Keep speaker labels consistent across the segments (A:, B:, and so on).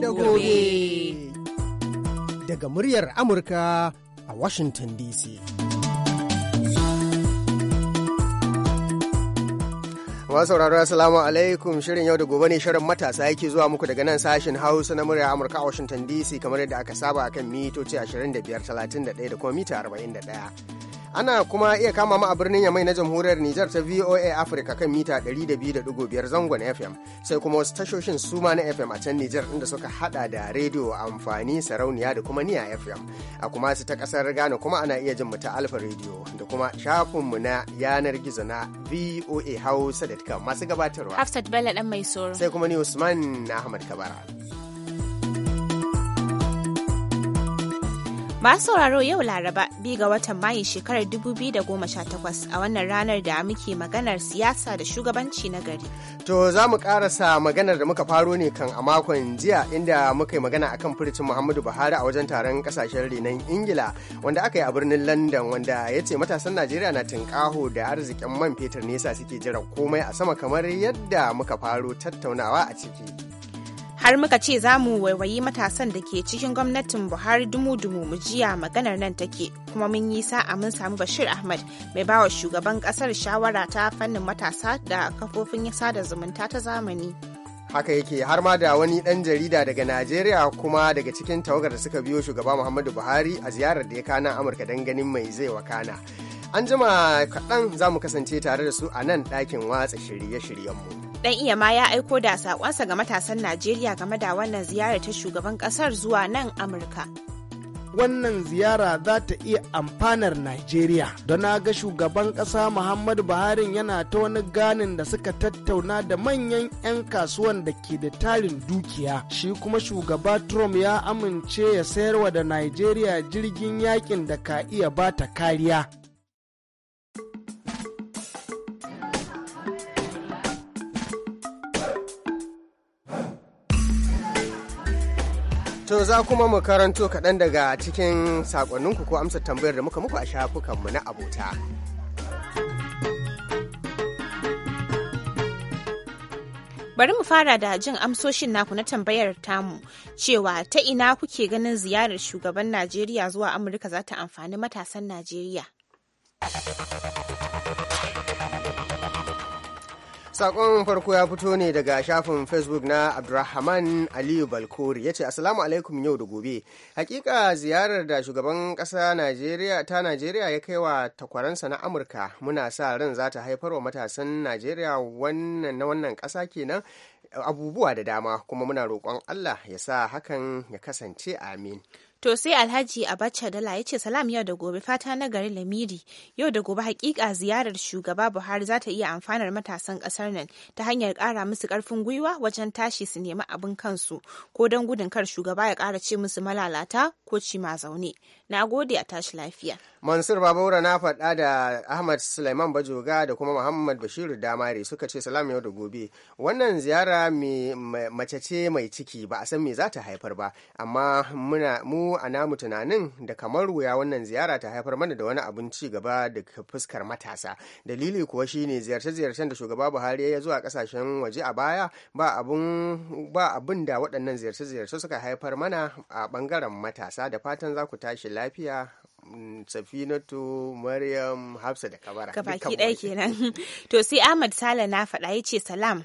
A: da gobe.
B: Daga muryar Amurka a Washington DC. Masu sauraro Assalamu alaikum shirin yau da gobe ne shirin matasa yake zuwa muku daga nan sashen Hausa na murya Amurka a Washington DC kamar yadda aka saba akan mitoci 25, 31 da kuma mita 41. Ana kuma iya kama mu a birnin Yamai na Jamhuriyar Nijar ta VOA Africa kan mita 200.5 zangon FM sai kuma wasu tashoshin suma na FM a can Nijar inda suka hada da rediyo amfani sarauniya da kuma niya FM. A kuma su ta kasar Ghana kuma ana iya jin mu ta Alfa rediyo da kuma shafin mu na yanar gizo na VOA Hausa.com masu gabatarwa.
C: Hafsat Bello dan mai soro. Sai
B: kuma ni Usman Ahmad Kabara.
C: Masu sauraro yau Laraba bi ga watan Mayu shekarar 2018 a wannan ranar da muke maganar siyasa da shugabanci na gari.
B: To za mu karasa maganar da muka faro ne kan a makon jiya inda muka yi magana akan furicin Muhammadu Buhari a wajen taron kasashen renon Ingila wanda aka yi a birnin London wanda ya ce matasan Najeriya na tinkaho da arzikin man fetur nesa suke jiran komai a sama kamar yadda muka faro tattaunawa a ciki.
C: har muka ce za mu waiwayi matasan da ke cikin gwamnatin buhari dumu-dumu mu jiya maganar nan take kuma mun yi sa'a mun samu bashir ahmad mai bawa shugaban kasar shawara ta fannin matasa da kafofin sada zumunta ta zamani
B: haka yake har ma da wani dan jarida daga najeriya kuma daga cikin tawagar da suka biyo shugaba muhammadu buhari a ziyarar da ya kana amurka don ganin mai zai wakana An jima kaɗan za mu kasance tare da su a nan ɗakin watsa shirye-shiryenmu.
C: Dan iya ma ya aiko da saƙonsa ga matasan Najeriya game da wannan ziyara ta shugaban ƙasar zuwa nan Amurka.
A: wannan ziyara za ta iya amfanar Najeriya. Don na ga shugaban ƙasa Muhammadu Buhari yana ta wani ganin da suka tattauna da manyan 'yan kasuwan da ke da tarin dukiya. Shi kuma shugaba Trump ya amince ya sayarwa da Najeriya jirgin yakin da ka iya bata kariya.
B: To za kuma mu karanto kaɗan daga cikin saƙonninku ko amsa tambayar da muka muku a shafukanmu na abota.
C: Bari mu fara da jin amsoshin naku na tambayar tamu cewa ta ina kuke ganin ziyarar shugaban Najeriya zuwa Amurka za ta amfani matasan Najeriya. Sakon farko ya
B: fito ne daga shafin Facebook na abdurrahman Aliyu Balkori ya ce asalamu alaikum yau da gobe. Hakika ziyarar da shugaban ƙasa Najeriya ta Najeriya ya kai wa takwaransa na Amurka muna sa ran za ta haifar wa matasan Najeriya wannan na wannan ƙasa kenan abubuwa da dama kuma muna roƙon Allah ya sa hakan ya kasance
C: amin. To sai Alhaji Abacha Dala ya ce salam yau da gobe fata na gari Lamiri yau da gobe hakika ziyarar shugaba Buhari za ta iya amfanar matasan kasar nan ta hanyar kara musu karfin gwiwa wajen tashi su nemi abin kansu ko don gudun kar shugaba ya kara ce musu malalata ko cima zaune na gode a tashi lafiya
B: mansur babaura na faɗa da ahmad suleiman bajoga da kuma muhammad bashiru damare suka ce salam yau da gobe wannan ziyara mace ce mai ciki ba a san me za ta haifar ba amma mu a namu tunanin da kamar wuya wannan ziyara ta haifar mana da wani abin ci gaba da fuskar matasa dalili kuwa shine ziyarce-ziyarcen da shugaba buhari ya zuwa kasashen waje a baya ba abin da waɗannan ziyarce-ziyarce suka haifar mana a ɓangaren matasa da fatan za ku tashi lafiya mm, safinatu maryam hafsa da kabara baki ɗaya
C: kenan to sai ahmad sale na faɗa ya ce salam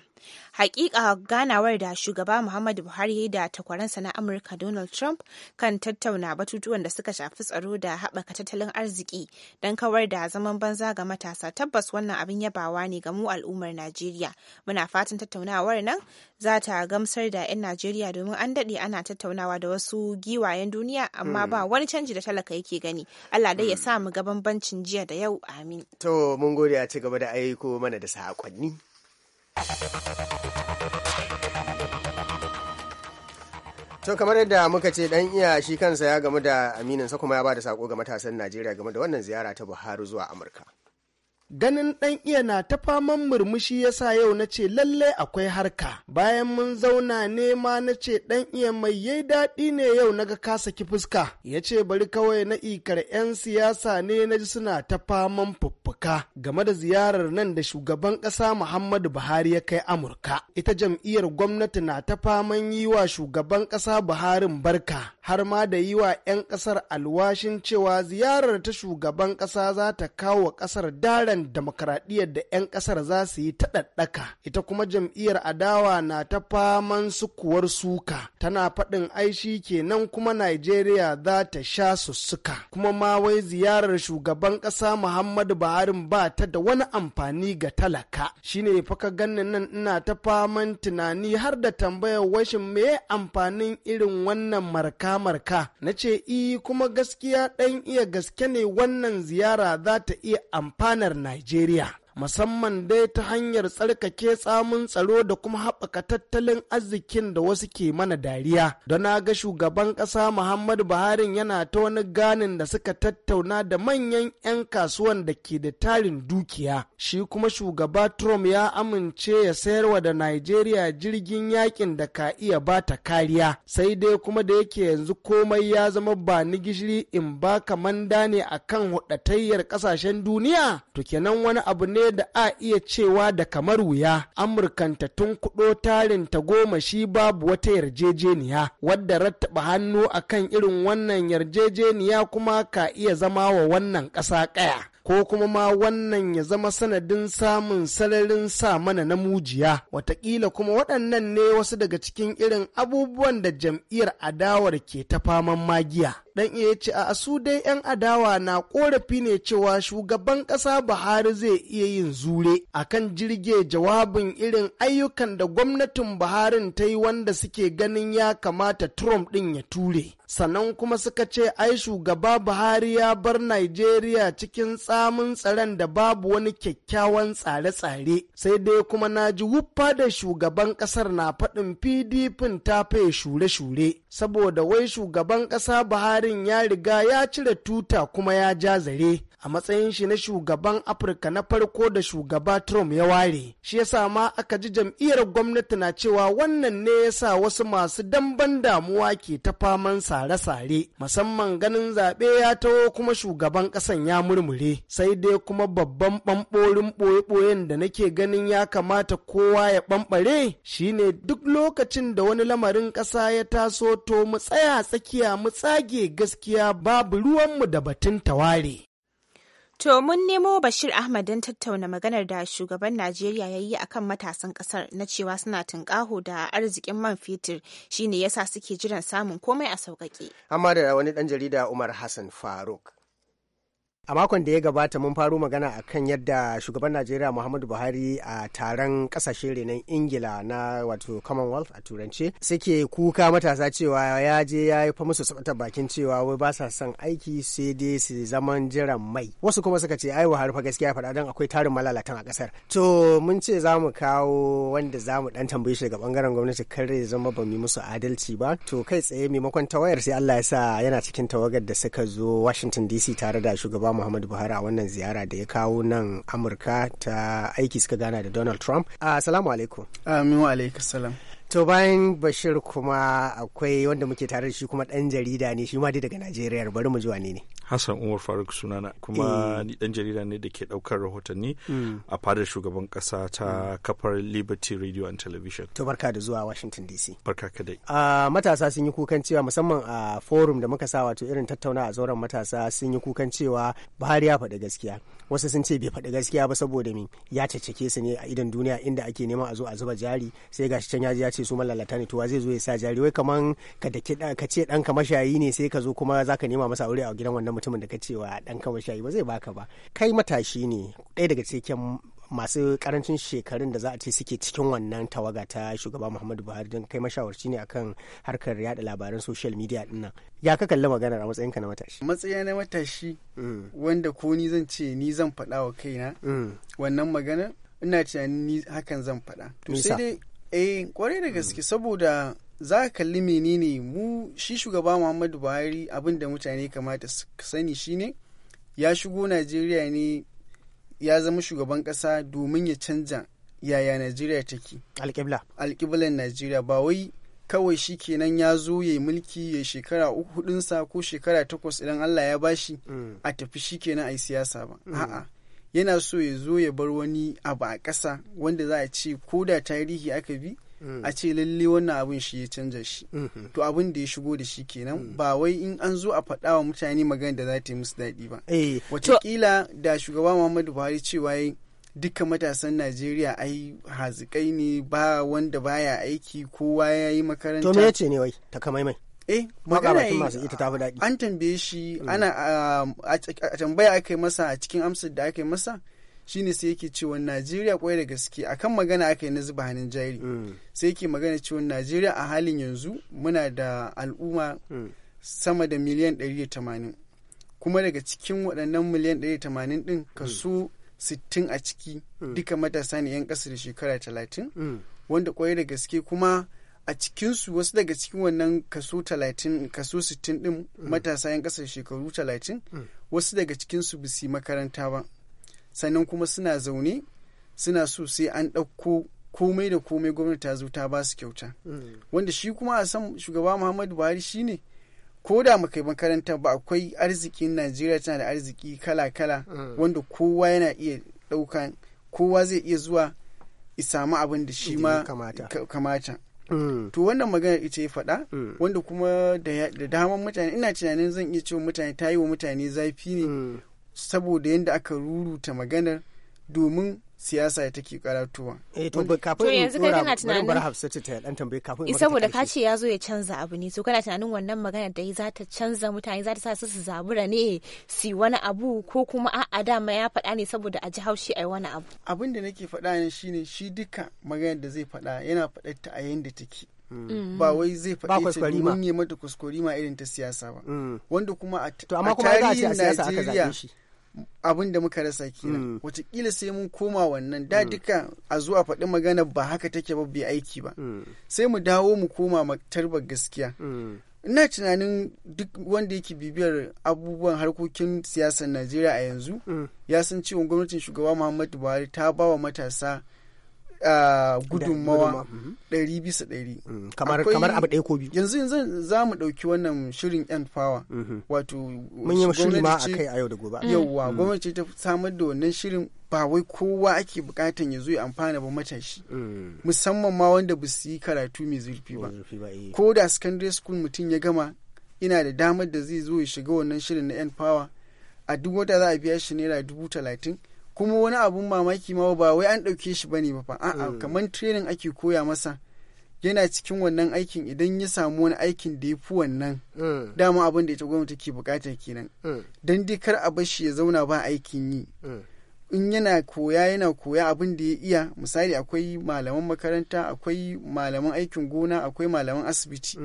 C: Hakika ganawar da shugaba Muhammadu Buhari da takwaransa na Amurka Donald Trump kan tattauna batutuwan da suka shafi tsaro da haɓaka tattalin arziki don kawar da zaman banza ga matasa tabbas wannan abin yabawa ne ga mu al'ummar Najeriya. Muna fatan tattaunawar nan za ta gamsar da 'yan Najeriya domin an daɗe ana tattaunawa da wasu giwayen duniya amma ba hmm. wani canji da talaka yake gani. Allah dai ya hmm. sa mu ga bambancin jiya da yau amin.
B: To mun gode a ci gaba da aiko mana da sakonni. to kamar yadda muka ce dan iya shi kansa ya gamu da aminin sa kuma ya ba da sako ga matasan najeriya game da wannan ziyara ta buhari zuwa
A: amurka ganin ɗan iya na ta faman murmushi yasa yau na ce lallai akwai harka bayan mun zauna nema ma na ce ɗan iya mai yai daɗi ne yau naga kasa ki fuska ya ce bari kawai na ikar 'yan siyasa ne na ji suna ta faman fuffuka game da ziyarar nan da shugaban ƙasa muhammadu buhari ya kai amurka ita jam'iyyar gwamnati na ta faman yi wa shugaban ƙasa buharin barka har ma da yi wa 'yan ƙasar alwashin cewa ziyarar ta shugaban ƙasa za ta kawo ƙasar daren jam'iyyar da 'yan kasar za su yi ta ita kuma jam'iyyar adawa na ta faman sukuwar suka tana faɗin aishi kenan kuma najeriya za ta sha sussuka kuma ma wai ziyarar shugaban ƙasa muhammadu buhari ba ta da wani amfani ga talaka shine ka ganni nan ina ta faman tunani har da tambayar washin me amfanin irin wannan marka-marka na ce i eh, kuma gaskiya ɗan iya gaske ne wannan ziyara za ta iya amfanar Najeriya musamman dai ta hanyar tsarkake tsamun tsaro da kuma haɓaka tattalin arzikin da wasu ke mana dariya don na ga shugaban ƙasa muhammadu buhari yana ta wani ganin da suka tattauna da manyan 'yan kasuwan da ke da tarin dukiya shi kuma shugaba trump ya amince ya sayarwa da nigeria jirgin yakin da ka iya ba ta kariya sai dai kuma da yake yanzu komai ya zama ba ni gishiri in ba ka manda ne akan hudatayyar ƙasashen duniya to kenan wani abu ne da a iya cewa da kamar wuya amurkanta tun kuɗo tarin ta goma shi babu wata yarjejeniya wadda rattaba hannu akan irin wannan yarjejeniya kuma ka iya zama wa wannan ƙasa ƙaya ko kuma ma wannan ya zama sanadin samun sararin sa mana na mujiya watakila kuma waɗannan ne wasu daga cikin irin abubuwan da jam'iyyar adawar ke ta faman magiya dan iya ce a su dai 'yan adawa na korafi ne cewa shugaban kasa buhari zai iya yin zure akan jirge jawabin irin ayyukan da gwamnatin buharin ta yi wanda suke ganin ya kamata trump din ya ture sannan kuma suka ce ai shugaba buhari ya bar nigeria cikin tsamin tsaron da babu wani kyakkyawan tsare-tsare sai dai kuma na ji wuffa da shugaban kasar na faɗin pdp ta faye shure-shure saboda wai shugaban ƙasa buhari lamarin ya riga ya cire tuta kuma ya ja zare a matsayin shi na shugaban afirka na farko da shugaba trump ya ware shi yasa ma aka ji jam'iyyar gwamnati na cewa wannan ne yasa wasu masu damban damuwa ke ta faman sare-sare musamman ganin zaɓe ya taho kuma shugaban ƙasan ya murmure sai dai kuma babban ɓamɓorin ɓoye-ɓoyen da nake ganin ya kamata kowa ya ɓamɓare shine duk lokacin da wani lamarin ƙasa ya taso to mu tsaya tsakiya mu tsage gaskiya babu ruwanmu da batun taware
C: To mun nemo Bashir Ahmad don tattauna maganar da shugaban Najeriya ya yi akan matasan kasar na cewa suna tunƙaho da arzikin man fetur shine yasa suke jiran samun komai a sauƙaƙe.
B: Amma da wani ɗan jarida Umar Hassan Faruk a makon da ya gabata mun faro magana a kan yadda shugaban najeriya muhammadu buhari a taron kasashe renon ingila na wato commonwealth a turance suke kuka matasa cewa ya je ya yi fa musu sabata bakin cewa wai ba sa son aiki sai dai su zaman jiran mai wasu kuma suka ce ai buhari fa gaskiya faɗa don akwai tarin malalatan a ƙasar to mun ce za mu kawo wanda za mu dan tambaye shi daga bangaren gwamnati ya zama ba mu musu adalci ba to kai tsaye maimakon tawayar sai allah ya sa yana cikin tawagar da suka zo washington dc tare da shugaban muhammadu buhari a wannan ziyara da ya kawo nan amurka ta aiki suka gana da donald trump assalamu alaikum amin wa salam to bayan bashir kuma akwai wanda muke tare da shi kuma ɗan jarida ne shi ma dai daga najeriya bari mu ji wane ne
D: Hassan Umar Faruk sunana kuma eh. ni dan jarida ne da ke daukar rahotanni hmm. a fadar shugaban kasa ta hmm. kafar Liberty Radio and Television. To barka da zuwa Washington DC. Barka ka dai.
B: Ah, matasa sun yi kukan cewa musamman a forum da muka sa wato irin tattauna a zauren matasa sun yi kukan cewa Buhari ya faɗi gaskiya. Wasu sun ce bai faɗi gaskiya ba saboda me ya caccake su ne a idan duniya inda ake neman a zo a zuba jari sai gashi can yaji ya ce su malalata ne to wa zai zo ya sa jari wai kaman ka ce ɗanka mashayi ne sai ka zo kuma zaka nema masa aure a gidan wannan mutumin da ka ce wa dan kawai shayi ba zai baka ba kai matashi ne ɗaya daga cikin masu karancin shekarun da za a ce suke cikin wannan tawaga ta shugaba muhammadu buhari don kai mashawarci ne akan harkar yada labaran social media nan ya ka kalli maganar a matsayin ka na matashi
E: matsaya na matashi mm. wanda ko ni zan ce ni zan faɗa wa kaina mm. wannan magana ina tunanin ni hakan zan faɗa to sai dai eh kwarai da gaske saboda za ka kalli menene mu shi shugaba muhammadu buhari abin da mutane kamata su sani shine ya shigo najeriya ne ya zama shugaban kasa domin ya canja yaya najeriya take alƙiblan najeriya ba wai kawai shi kenan ya zo ya yi mulki ya shekara hudunsa ko shekara takwas idan allah ya bashi mm. a tafi shi kenan a yi siyasa ba mm. a'a yana so ya zo ya bar wani abu a ƙasa wanda za a ce ko da tarihi aka bi a ce lalle wannan abin shi ya canza shi mm-hmm. to abin da ya shigo da shi kenan mm. ba wai in an zo a faɗa wa mutane magana da za ta yi musu daɗi ba eh, wataƙila da shugaba muhammadu buhari cewa ya duka matasan najeriya ai hazikai ne ba wanda baya aiki kowa ya yi makaranta to me yace
B: ne wai takamaimai eh magana masu ita
E: an tambaye shi mm. ana ah, a tambaya aka masa a cikin amsar da aka masa shine sai yake cewa Najeriya kwai da gaske akan magana aka yi na zuba hannun jari mm. sai yake magana cewa Najeriya a halin yanzu muna da al'umma mm. sama da miliyan 180 kuma daga cikin waɗannan miliyan 180 ɗin mm. kaso 60 a ciki duka matasa ne 'yan ƙasa da shekara 30 wanda kwai da gaske kuma a cikinsu wasu daga cikin wannan kaso 30 kaso 60 ɗin matasa 'yan ƙasa da shekaru 30 wasu daga cikinsu ba su makaranta ba sannan kuma suna zaune suna so sai an ɗauko komai da komai gwamnati ta zo ta ba su kyauta mm. wanda shi kuma a san shugaba muhammadu buhari shine ko da mu makaranta ba akwai arzikin najeriya tana da arziki kala-kala mm. wanda kowa yana iya ɗauka kowa zai iya zuwa isama abin da shi ma kamata mm. to wannan magana ita ya faɗa wanda kuma da daman mutane ina tunanin zan iya cewa mutane ta yi wa mutane zafi ne saboda yadda aka ruruta maganar domin siyasa ya take karatuwa. Eh, to yanzu kai kana
C: tunanin bar
B: Hafsatu ta dan tambaye kafin in saboda ka ce
C: ya zo ya canza abu ne so kana tunanin wannan magana da za ta canza mutane za ta sa su su zabura ne su wani abu ko kuma a'a dama ya faɗa ne saboda a ji haushi ai wani abu.
E: Abin da nake faɗa ne shine shi duka maganar da zai faɗa yana faɗa ta a yanda take. Mm. Mm. ba wai zai faɗi ta domin mata kuskure ma irin ta siyasa ba. Mm. Wanda kuma a tarihin Najeriya abin da muka rasa kenan mm. watakila sai mun koma wannan da mm. duka a zuwa faɗi magana ba haka take ba bai aiki ba mm. sai mu dawo mu koma tarbar gaskiya ina tunanin duk wanda yake bibiyar abubuwan harkokin siyasar najeriya a yanzu ya san cewa gwamnatin shugaba muhammadu buhari ta ba wa matasa gudunmawa mhm. ɗari bisa ɗari.
B: Mm, kamar abu
E: ɗaya ko biyu. Yanzu yanzu za mu ɗauki wannan shirin yan fawa. Mhm. Wato mun yi shiri ma a kai a yau da gobe. Yawwa mm. gwamnati ta samar da wannan shirin ba wai kowa ake bukatan ya zo ya amfana ba matashi. Mm. Musamman ma wanda ba su yi karatu mai zurfi ba. Eh. Ko da secondary school mutum ya gama ina da damar da zai zo ya shiga wannan shirin na yan fawa. A duk wata za a biya shi naira dubu talatin. kuma wani abun mamaki ma ba wai an ɗauke shi bane ba fa a'a eh. kamar training ake koya masa yana cikin wannan aikin idan ya samu wani aikin da ya fi wannan eh. dama abin da ita gwamnati ke bukata kenan eh. don dai kar a bashi ya zauna ba aikin yi in yana koya yana koya abin da ya iya misali akwai malaman makaranta akwai malaman aikin gona akwai malaman asibiti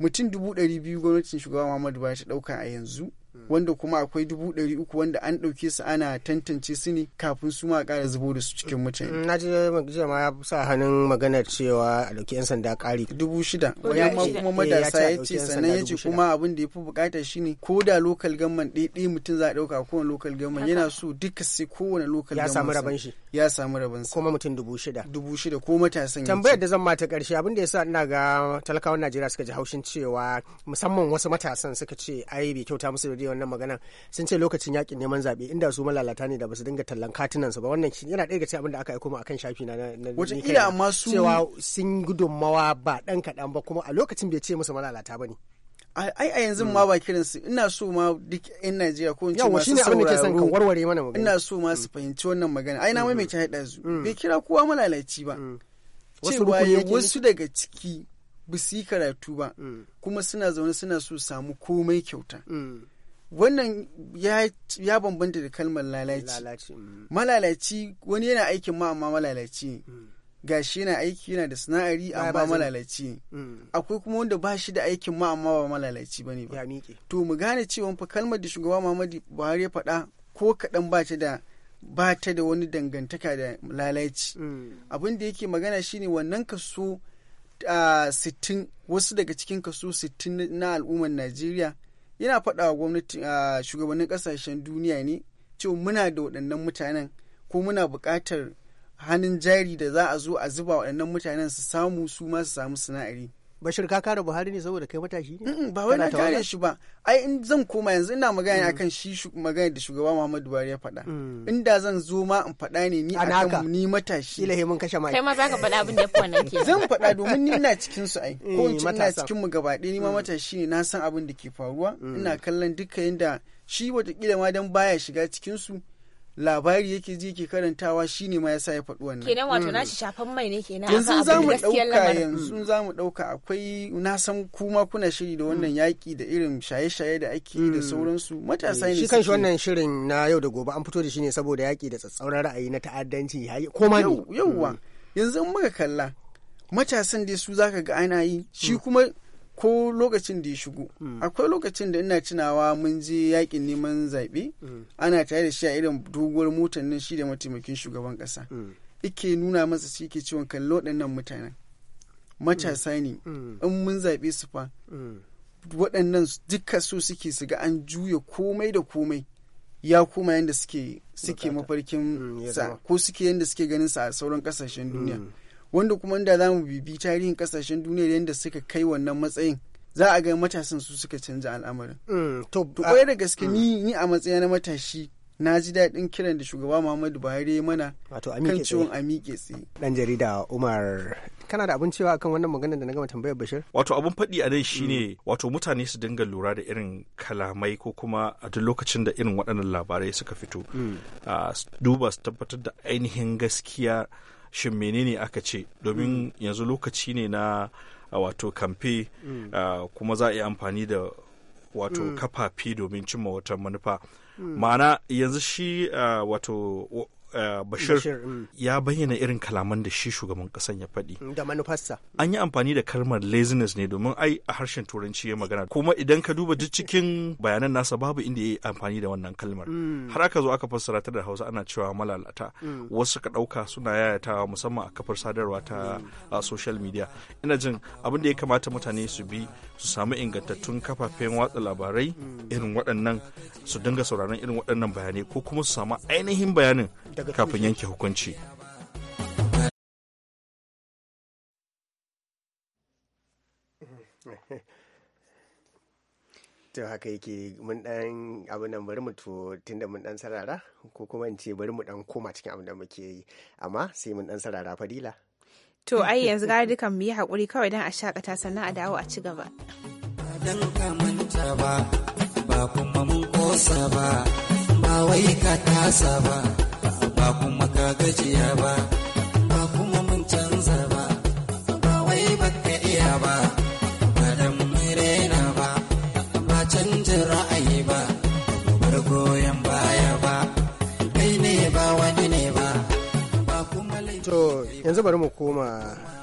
E: mutum dubu ɗari biyu gwamnatin shugaba muhammadu ba ta ɗauka a yanzu wanda kuma akwai dubu ɗari uku wanda an ɗauke su ana tantance
B: su ne kafin su ma ƙara zubo da su cikin mutane. Mm, na ji jiya ma ya sa hannun maganar cewa a ɗauki 'yan sanda ƙari. Dubu shida. Wayan ma kuma matasa eh, ya ce sannan ya ce kuma abin
E: da ya fi buƙata shi ne ko da lokal gamman ɗaya mutum za a ɗauka kowane lokal gamman yana so duka sai
B: kowane lokal gamman. Ya samu rabon shi. Ya samu rabon shi. Kuma mutum dubu shida. Dubu shida ko matasan. Tambayar da zan ma ta ƙarshe abin da ya sa ina ga talakawan Najeriya suka ji haushin cewa musamman wasu matasan suka ce ai bai kyauta musu da suke wannan maganan sun ce lokacin yakin neman zaɓe inda su malalata ne da basu dinga tallan katunan su ba wannan shi yana daya ga cikin abin da aka aiko mu akan shafi na na wajen iya amma su cewa sun gudunmawa ba dan kaɗan ba kuma a lokacin bai ce musu malalata ba ne ai a
E: yanzu ma ba kiran su ina so ma duk in Najeriya ko in ce masu sauraro warware mana magana ina so ma su fahimci wannan magana ai na mai mm. mai ta haɗa su mm. bai kira kowa malalaci ba mm.
C: cewa wasu
E: daga ciki ba su yi karatu ba kuma suna zaune suna so samu komai kyauta wannan ya bambanta da kalmar lalaci mm. malalaci wani yana aikin ma amma malalaci mm. ga shi yana aiki yana da sana'ari amma malalaci mm. akwai kuma wanda ba shi da aikin ma amma ba malalaci ne ba to mu gane cewa fa kalmar da shugaba Muhammadu Buhari ya faɗa ko kaɗan ba ta da ba ta da wani dangantaka da lalaci abin da yake magana shine wannan kaso 60 ah, wasu daga cikin kaso 60 na al'ummar Najeriya yana faɗa wa gwamnati a shugabannin ƙasashen duniya ne cewa muna da waɗannan mutanen ko muna buƙatar hannun jari da za a zo a zuba waɗannan mutanen su samu su ma su samu sana'ari Bashir ka kare Buhari ne saboda kai matashi ne? Ba wai na kare shi ba. Ai in zan koma yanzu ina magana mm. akan shi magana da shugaba Muhammadu Buhari ya faɗa. Mm. Inda zan zo ma in faɗa ne ni akan ni matashi. Ilahi mun kashe mai. Kai ma za ka faɗa
C: abin da yafi wannan
E: ke. Zan faɗa domin ni ina cikin su ai. Mm, Ko in ina cikin mu gaba ɗaya ni ma matashi ne na san abin da ke faruwa. Ina kallon duka yanda shi watakila ma dan baya shiga cikin su. labari yake ji ke karantawa shine ma yasa ya faɗi wannan kenan wato mm. na
C: shi shafan mai ne kenan yanzu za mu ɗauka yanzu
E: mm. za mu ɗauka akwai na san kuma kuna shiri da wannan mm. yaƙi da irin
B: shaye-shaye da ake da sauransu matasa eh, ne shi kanshi wannan shirin na yau da gobe an fito da shi ne saboda yaƙi da tsatsauran ra'ayi na ta'addanci ko koma ne yauwa yanzu in muka kalla
E: matasan dai su zaka ga ana yi shi kuma ko lokacin da ya shigo hmm. akwai lokacin da ina tunawa mun je yakin neman zaɓe hmm. ana tare da shi a irin doguwar motar nan shi da mataimakin shugaban ƙasa ike hmm. nuna masa shi ke ciwon kallon waɗannan mutanen matasa ne in mun zaɓe su fa waɗannan duka so suke su ga an juya komai da komai ya kuma yadda suke mafarkin sa ko suke yadda suke ganin sa a sauran ƙasashen duniya. wanda kuma da za mu bibi tarihin kasashen duniya yadda suka kai wannan matsayin za a ga matasan su suka canza al'amarin. Mm, to, kwaya da gaske ni mm. a matsayin na matashi na ji daɗin kiran da
B: shugaba Muhammadu Buhari ya mana kan ciwon a miƙe tsaye. Ɗan jarida Umar kana da abin cewa akan wannan maganar da na gama tambayar Bashir?
D: Wato abin faɗi a nan mm. shine wato mutane su dinga lura da irin kalamai ko kuma a duk lokacin da irin waɗannan labarai suka fito. Ah, duba su tabbatar da ainihin gaskiya shin menene aka ce domin hmm. yanzu lokaci ne na wato kamfe hmm. kuma za a yi amfani da wato hmm. kafafi domin cimma wata manufa ma'ana yanzu shi wato Eh, bashir mm. ya bayyana irin kalaman da shi shugaban kasan ya faɗi da manufarsa an yi amfani da kalmar laziness ne domin ai a harshen turanci ya magana kuma idan ka duba duk cikin bayanan nasa babu inda ya yi amfani da wannan kalmar mm. har aka zo aka fassara ta da hausa ana cewa malalata mm. wasu ka ɗauka suna yayatawa musamman a kafar sadarwa ta social media ina jin abin da ya kamata mutane su bi su samu ingantattun kafafen watsa labarai irin waɗannan su dinga sauraron irin waɗannan bayanai ko kuma su samu ainihin bayanin kafin yanke hukunci.
B: to haka yake mun dan abin nan bari mu to tunda mun dan sarara ko kuma in ce bari mu dan koma cikin abin da muke yi amma sai mun dan sarara fadila
C: to ai yanzu gara dukan mu yi hakuri kawai dan a shakata sannan a dawo a ci gaba
A: dan ka manta ba ba kuma mun kosa ba ba wai ka tasa ba ba kuma ka gajiya ba ba kuma mun canza ba ba wai baka iya ba ba dan murena ba ba canjin ra'ayi ba bar goyon baya ba kai ne ba wani ne ba ba kuma
B: to yanzu bari mu koma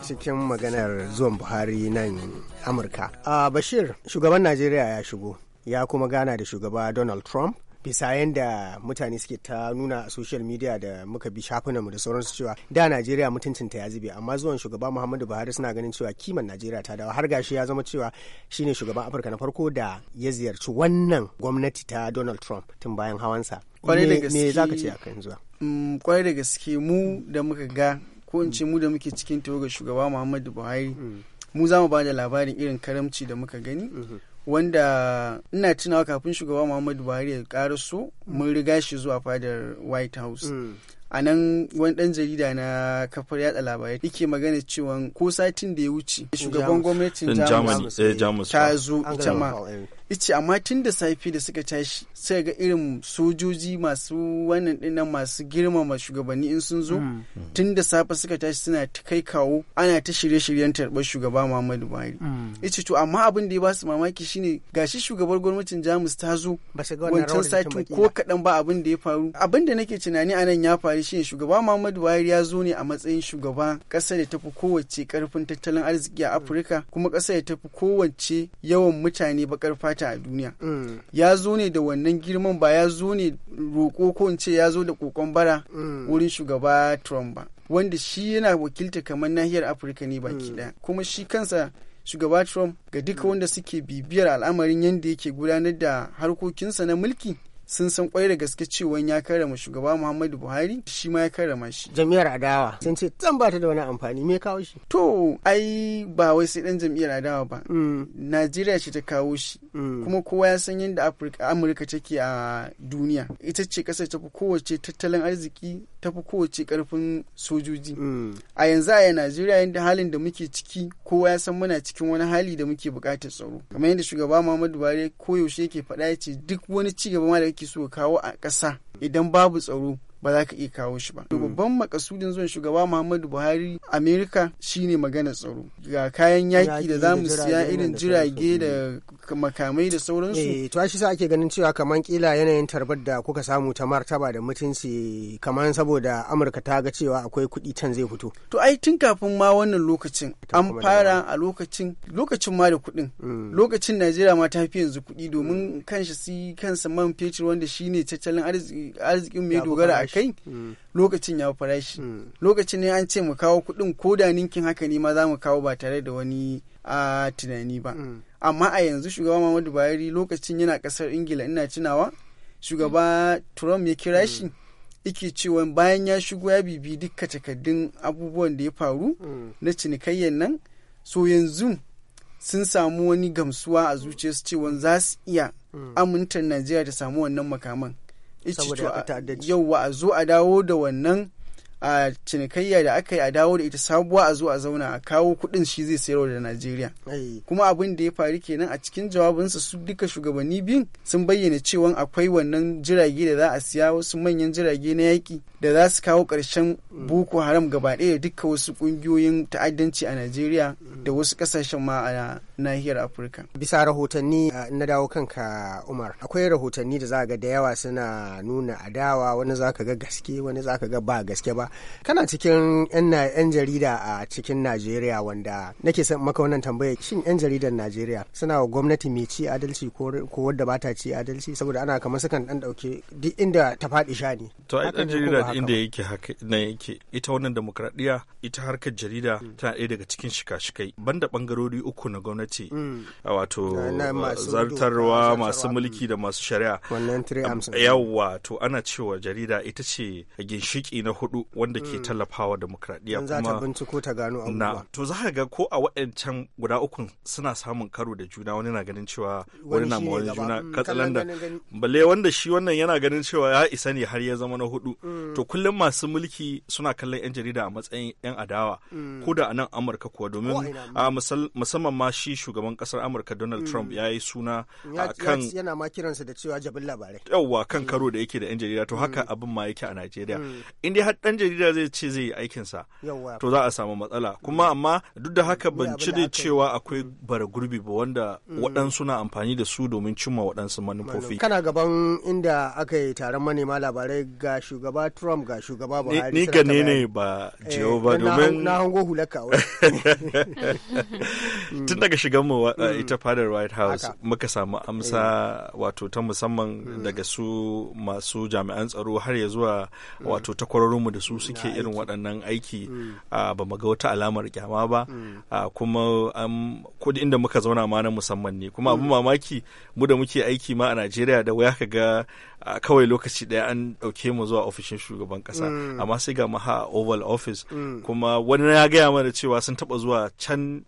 B: cikin maganar zuwan buhari nan amurka a ah, bashir shugaban najeriya ya shigo ya kuma gana da shugaba donald trump bisa yadda mutane suke ta nuna a social media da muka bi shafinanmu da sauransu cewa da najeriya mutuncin ta ya zube amma zuwan shugaba muhammadu buhari suna ganin cewa kiman najeriya ta dawo har gashi ya zama cewa shine shugaban afirka na farko da ya ziyarci wannan gwamnati ta donald trump tun bayan hawansa me za ka ce a kan zuwa
E: mm, kwarai da gaske mu da muka ga ko in ce mu da muke cikin ga shugaba muhammadu buhari mm. mu za mu ba labarin irin karamci da muka gani mm-hmm. wanda ina tunawa kafin shugaba muhammadu buhari ya kara so mun riga shi zuwa fadar white house mm. a nan wani dan jarida na kafar yada labarai yake magana cewa ko satin da ya wuce shugaban gwamnatin eh, jamus ta zo ita ma ice amma tun da safe da suka tashi sai ga irin sojoji masu wannan dinnan masu girmama shugabanni in sun zo mm. Mm. tun da safe suka tashi suna ta kai kawo ana ta shirye-shiryen tarbar shugaba Muhammadu Buhari mm. ice to amma abin da ya ba su mamaki shine gashi shugabar gwamnatin Jamus ta zo wancan satin ko kaɗan ba abin da ya faru abin da nake tunani anan ya faru shine shugaba Muhammadu Buhari ya zo ne a matsayin shugaba ƙasar da tafi kowace karfin tattalin arziki a Afirka kuma ƙasar da tafi kowace yawan mutane baƙar fata bukata a duniya mm. ya zo ne da wannan girman ba ya zo ne roƙo ko in ce ya zo da kokon bara mm. wurin shugaba trump ba wanda shi yana wakilta kamar nahiyar afirka ne baki mm. ɗaya kuma shi kansa shugaba trump ga duka wanda suke bibiyar al'amarin yadda yake gudanar da harkokinsa na mulki sun san kwai da gaske cewa ya karrama shugaba Muhammadu Buhari shi ma ya karrama shi. Jam'iyyar adawa sun ce zan ba ta da wani amfani me kawo shi. To ai ba wai sai dan jam'iyyar adawa ba. Mm. Najeriya ce ta kawo shi. Mm. Kuma kowa ya san yadda Amurka take a duniya. Ita ce kasar ta fi kowace tattalin arziki ta fi kowace karfin sojoji. Mm. A yanzu a Najeriya yadda halin da muke ciki kowa ya san muna cikin wani hali da muke buƙatar tsaro. Kamar yadda shugaba Muhammadu Buhari koyaushe yake faɗa ya ce duk wani ci gaba ma da ake so kawo a ƙasa idan babu tsaro ba za ka iya kawo shi ba. Hmm. Babban makasudin zuwan shugaba Muhammadu Buhari Amerika shine magana tsaro.
B: Ga kayan yaki da zamu mu siya irin jirage da makamai da sauransu. Eh to shi sa ake ganin cewa kaman kila yanayin tarbar da kuka samu ta martaba da mutunci kaman saboda Amurka ta ga cewa akwai kuɗi can zai fito. To ai tun kafin ma wannan lokacin
E: an fara a lokacin lokacin ma da kuɗin. Hmm. Lokacin Najeriya ma ta fi yanzu kuɗi domin kanshi si kansa man fetur wanda shine tattalin arzikin mai dogara a kai mm. lokacin ya farashi mm. lokacin ne an ce mu kawo kuɗin ko da ninkin haka ne ma za mu kawo ba tare da wani a tunani ba mm. amma a yanzu shugaba Muhammadu Buhari lokacin yana kasar Ingila ina tunawa shugaba Trump ya kira shi yake cewa bayan ya shigo ya bibi dukka takaddun abubuwan da ya faru na cinikayyar nan so yanzu sun samu wani gamsuwa a zuciyarsu cewa za su iya amintar Najeriya ta samu wannan makaman yauwa a zo a dawo da wannan a cinikayya da aka yi a dawo da ita sabuwa a zo a zauna a kawo kuɗin shi zai sayarwa da Najeriya. Kuma abin da ya faru kenan a cikin jawabinsa su duka shugabanni biyun sun bayyana cewa akwai wannan jirage da za a siya wasu manyan jirage na yaki da za su kawo ƙarshen Boko Haram gaba ɗaya da duka wasu ƙungiyoyin ta'addanci a
B: Najeriya da wasu ƙasashen ma nahiyar afirka bisa rahotanni na dawo kanka umar akwai rahotanni da za ga da yawa suna nuna adawa wani za ka ga gaske wani za ka ga ba gaske ba kana cikin yan jarida a cikin najeriya wanda nake son maka wannan tambaya shin yan jaridan najeriya suna wa gwamnati mai ci adalci ko wadda ba ta ci adalci saboda ana kamar sukan dan dauke duk inda ta faɗi shani to ai yan jarida inda
D: yake haka na yake ita wannan demokradiya ita harkar jarida tana ɗaya daga cikin shika-shikai banda bangarori uku na gwamnati gwamnati mm. wato zartarwa masu mulki da masu shari'a yawwa to ana cewa jarida ita ce ginshiki na hudu wanda ke mm. tallafawa demokradiyya kuma binciko ta gano abubuwa to za ka ga ko a waɗancan guda ukun suna samun karo da juna wani na ganin cewa wani na mawani juna mm, da balle wanda shi wannan yana ganin cewa ya isa ne har ya zama na hudu to kullum masu mulki suna kallon yan jarida a matsayin yan adawa ko da a nan amurka kuwa domin a musamman ma shi shugaban kasar amurka donald hmm. trump ya yi suna a kan yana
B: ma kiransa da cewa jabin labarai
D: yawwa kan hmm. karo da yake da yan jarida to haka hmm. abin ma yake a najeriya in dai har dan jarida zai ce zai yi aikinsa to za a samu matsala kuma amma duk da haka ban cire cewa akwai bara gurbi ba wanda waɗansu na amfani da su domin cimma waɗansu manufofi kana
B: gaban inda aka yi taron manema labarai ga shugaba trump ga shugaba buhari ni gane ne ba eh, jiyo ba domin na hango hulaka
D: tun daga shigan mu ita mm. fadar White House muka samu amsa eh. wato ta musamman mm. daga su masu jami'an tsaro har ya zuwa mm. wato ta kwararrunmu da su suke irin waɗannan aiki ba mu ga wata alamar kyama ba kuma kudi inda muka zauna ma na musamman ne kuma abin mamaki mu da muke aiki ma a Najeriya da waya ka ga kawai lokaci ɗaya an ɗauke mu zuwa ofishin shugaban ƙasa amma sai ga maha Oval Office kuma wani ya gaya mana cewa sun taɓa zuwa can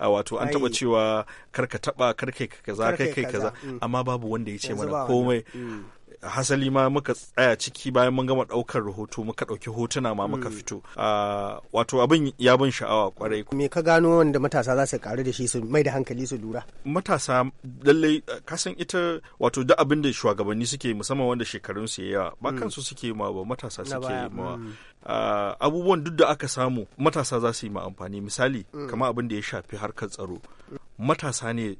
D: a wato an taba cewa karka taba karka kaza kai kaza mm. amma babu wanda ya ce mana komai mm. hasali ma muka tsaya ciki bayan mun gama ɗaukar rahoto muka ɗauki hotuna ma muka hmm. fito ah, wato abin ya bin sha'awa kwarai me ka
B: gano wanda matasa za su karu da shi su mai da hankali su lura
D: matasa lallai ah, kasan ita wato da abin da shugabanni suke musamman wanda shekarun su yawa ba hmm. kansu suke ma ba matasa suke ma hmm. ah, abubuwan duk da aka samu matasa za su yi ma amfani misali kamar abin da ya shafi harkar tsaro matasa ne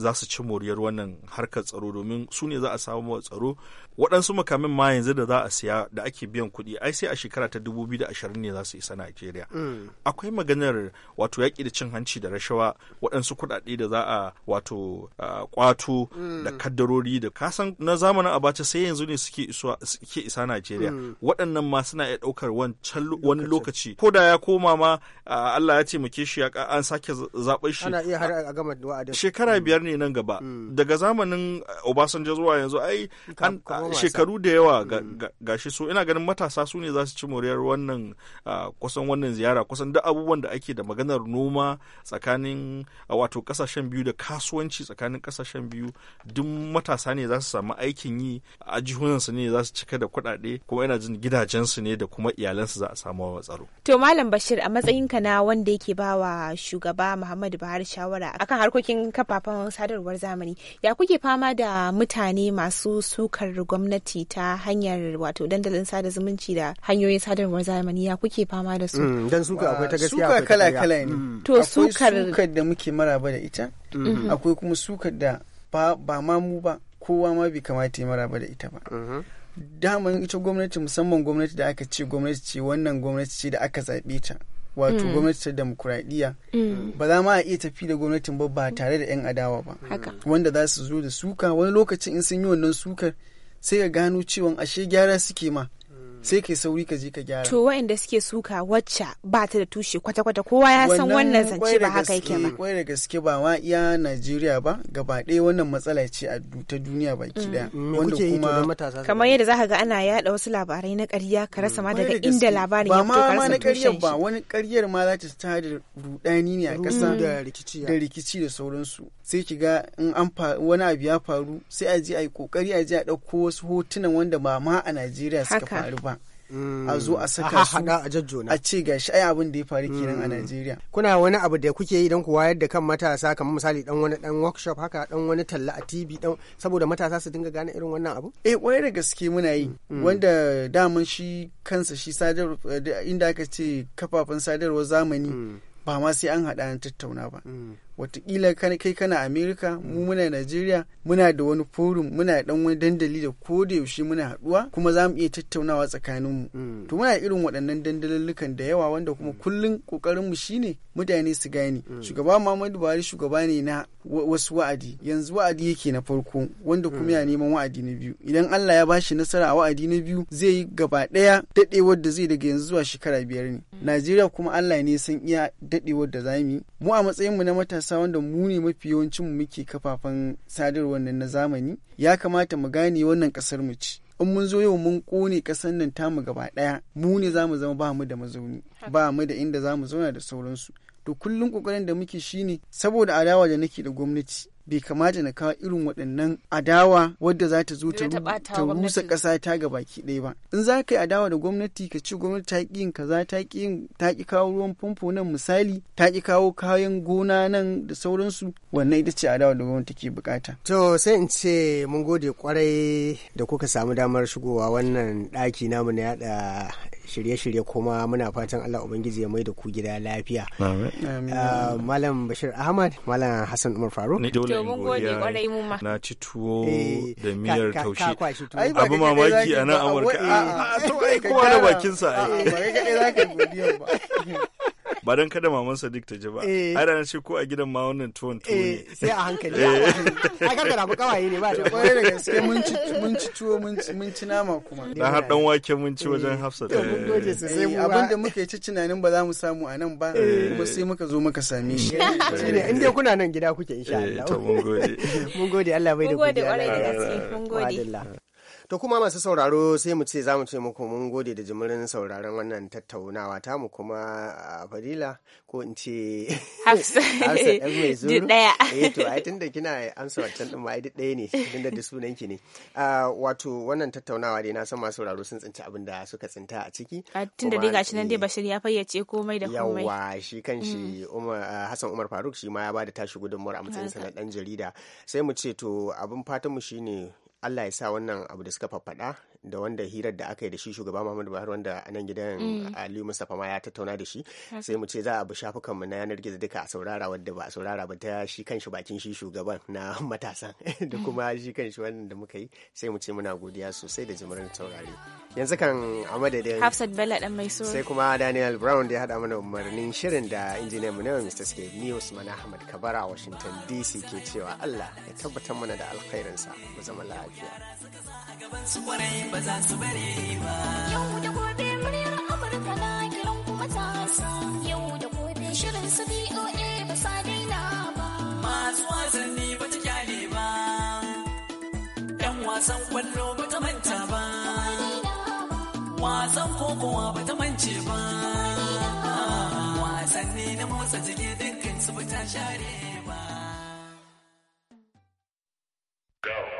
D: za su ci moriyar wannan harkar tsaro domin su ne za a samu tsaro waɗansu makamin ma yanzu da za a siya da ake biyan kuɗi ai sai a shekara ta 2020 ne za su isa Najeriya. Mm. Akwai maganar wato yaƙi da cin hanci da rashawa waɗansu kuɗaɗe da za a wato kwato da mm. kaddarori da kasan na zamanin abaca sai yanzu ne suke isa Najeriya. Mm. Waɗannan ma suna iya ɗaukar wancan wani lokaci. Ko da ya koma ma Allah ya taimake shi an sake zaɓar shi. Ana iya
B: har a gama wa'adin.
D: Shekara biyar ne nan gaba. Daga zamanin Obasanjo zuwa yanzu ai shekaru da yawa ga mm. shi so ina ganin matasa su ne za su ci moriyar wannan kusan wannan ziyara kusan duk abubuwan da ake da maganar noma tsakanin wato kasashen biyu da kasuwanci tsakanin kasashen biyu duk matasa ne za su samu aikin yi a jihunansu ne za su cika da kuɗaɗe kuma ina jin gidajensu ne da kuma iyalansu za a samu tsaro.
C: To Malam Bashir a matsayin ka na wanda yake ba wa shugaba Muhammadu Buhari shawara akan harkokin kafafen sadarwar zamani ya kuke fama da mutane masu sukar gwamnati ta hanyar wato dandalin sada zumunci da hanyoyin sadarwar zamani ya kuke fama da su mm, dan suka akwai ta gaskiya suka kala kala ne mm. to sukar sukar
E: da muke maraba da ita mm-hmm. akwai kuma sukar da ba ma mu ba kowa ma bai kamata ya maraba da ita ba mm-hmm. daman ita gwamnati musamman gwamnati da aka ce gwamnati ce wannan gwamnati ce da aka zaɓe ta wato mm. gwamnati ta demokuraɗiyya ba za ma a iya tafi da gwamnatin ba ba tare da 'yan adawa ba wanda za su zo da suka wani lokacin in sun yi wannan sukar sai ka gano ciwon ashe gyara suke ma sai kai sauri ka je ka gyara to
C: waɗanda suke suka wacce ba ta da tushe kwata kwata kowa ya san wannan zance ba haka yake ba
E: kwai da gaske ba ma iya Najeriya ba gaba ɗaya wannan matsala ce a ta duniya baki daya mm. wanda kuma kamar
C: yadda zaka ga ana yada wasu labarai na ƙarya ka rasa ma mm. daga inda labarin ya fito ka rasa tushen ba
E: wani ƙaryar ma za ta ta da rudani ne a ƙasa da rikici da rikici da sauransu sai ki ga in an wani abu ya faru sai a je a yi kokari a je a ɗauko wasu hotunan wanda ba ma a Najeriya suka faru ba a zo a saka su a jajjona a ce gashi ai abin da ya faru kenan a mm. Najeriya
B: kuna wani abu da kuke yi don ku wayar da kan matasa kamar misali dan wani dan workshop haka dan wani talla a TV dan saboda matasa su dinga gane irin wannan abu
E: eh wai da gaske muna yi mm. Mm. wanda daman shi kansa shi sadar eh, inda aka ce kafafen sadarwar zamani ba ma sai an hada an tattauna ba watakila kai kana amerika mu muna najeriya muna da wani forum muna dan wani dandali da ko da yaushe muna haduwa kuma za mu iya tattaunawa tsakaninmu mm. to muna irin waɗannan dandalallukan da yawa wanda kuma mm. kullum kokarin mu shine mutane su gane mm. shugaba muhammadu buhari shugaba ne na wasu wa'adi yanzu wa'adi yake na farko wanda kuma ya neman wa'adi na biyu idan allah ya bashi nasara a wa'adi na biyu zai yi gaba ɗaya daɗewar da zai daga yanzu zuwa shekara biyar ne najeriya kuma allah ne san iya daɗewar da za mu yi mu a matsayin mu na matasa matasa wanda mu ne mafi yawancin mu muke kafafen sadarwar nan na zamani ya kamata mu gane wannan kasar mu ce in mun zo yau mun kone kasan nan tamu gaba daya mu ne za mu zama ba mu da mazauni ba mu da inda za mu zauna da sauransu to kullum kokarin da muke shine saboda adawa da nake da gwamnati bai kamata na kawo irin waɗannan adawa wadda za ta zo ta rusa ƙasa ta ga baki ɗaya ba in za ka yi adawa da gwamnati ka ce gwamnati ta ƙi yin kaza ta ƙi yin ta ƙi kawo ruwan famfo nan misali ta ƙi kawo
B: kayan gona nan da sauransu wannan ita ce adawa da gwamnati ke bukata. to sai in ce mun gode kwarai da kuka samu damar shigowa wannan ɗaki namu na yaɗa shirye-shirye kuma muna fatan Allah Ubangiji ya mai da ku gida lafiya. Ah, Malam Bashir Ahmad, Malam Hassan Umar Faruk. Ni dole in
C: godiya
A: Na ci tuwo
B: eh,
D: da miyar taushe. Abu mamaki a nan Amurka. A to ai kowa da bakinsa sa. Ba kai ka godiya ba. ba don kada maman Sadiq ta ji ba eh. ai da ce ko a gidan ma wannan tuwon tuwo ne eh, sai a hankali a gargara
B: ku kawaye ne ba ta kwarai da gaske mun ci
E: mun ci tuwo mun ci nama kuma da har
D: dan wake mun ci wajen Hafsa
E: eh. da abinda muka yi ci tunanin ba za mu samu a nan ba kuma sai muka zo muka same
B: shi shine in kuna nan gida kuke insha Allah mun gode mun gode Allah bai da godiya gode mun gode To kuma masu sauraro sai mu ce za mu ce muku mun gode da jimirin sauraron wannan tattaunawa ta mu kuma a ah, fadila ko in ce Hafsa mai zuru. Daya. Eh to ai tunda kina amsa wancan din ma ai duk ɗaya ne tunda da sunan ki ne. Ah, wato wannan tattaunawa dai na san masu sauraro sun tsinci abin da suka tsinta a ciki. Tunda dai gashi nan dai eh.
C: Bashir ya fayyace komai da komai. Yawwa
B: shi kan shi mm. ah, Hassan Umar Faruk shi ma ya bada tashi gudunmuwar a matsayin sa dan jarida. Sai mu ce to abin fatan mu shine allah ya sa wannan abu da suka faffaɗa da wanda hirar da aka yi da shi shugaba Muhammadu Buhari wanda a nan gidan mm. Aliyu Mustapha ma ya tattauna da shi sai mu ce za a bi shafukan mu na yanar gizo duka a saurara wanda ba a saurara ba ta shi kanshi bakin shi shugaban na matasan da kuma shi kanshi wannan da muka yi sai mu ce muna godiya sosai da jimirin taurari yanzu kan a madadin
C: Hafsat Bello dan mai so sai
B: kuma Daniel Brown da ya hada mana umarnin shirin da injiniyan mu ne Mr. Skate ni Usman Ahmad Kabara a Washington DC ke cewa Allah ya tabbatar mana da alkhairinsa
A: mu zama lafiya. ba za su bare ba. Yau da gobe muryar Amurka na kiran kuma ta Yau da gobe shirin su BOA ba sa daina ba. Masu wasanni ba ta kyale ba. Yan wasan kwallo ba ta manta ba. Wasan kokowa ba ta mance ba. Wasanni na motsa jiki dukkan su ba ta share.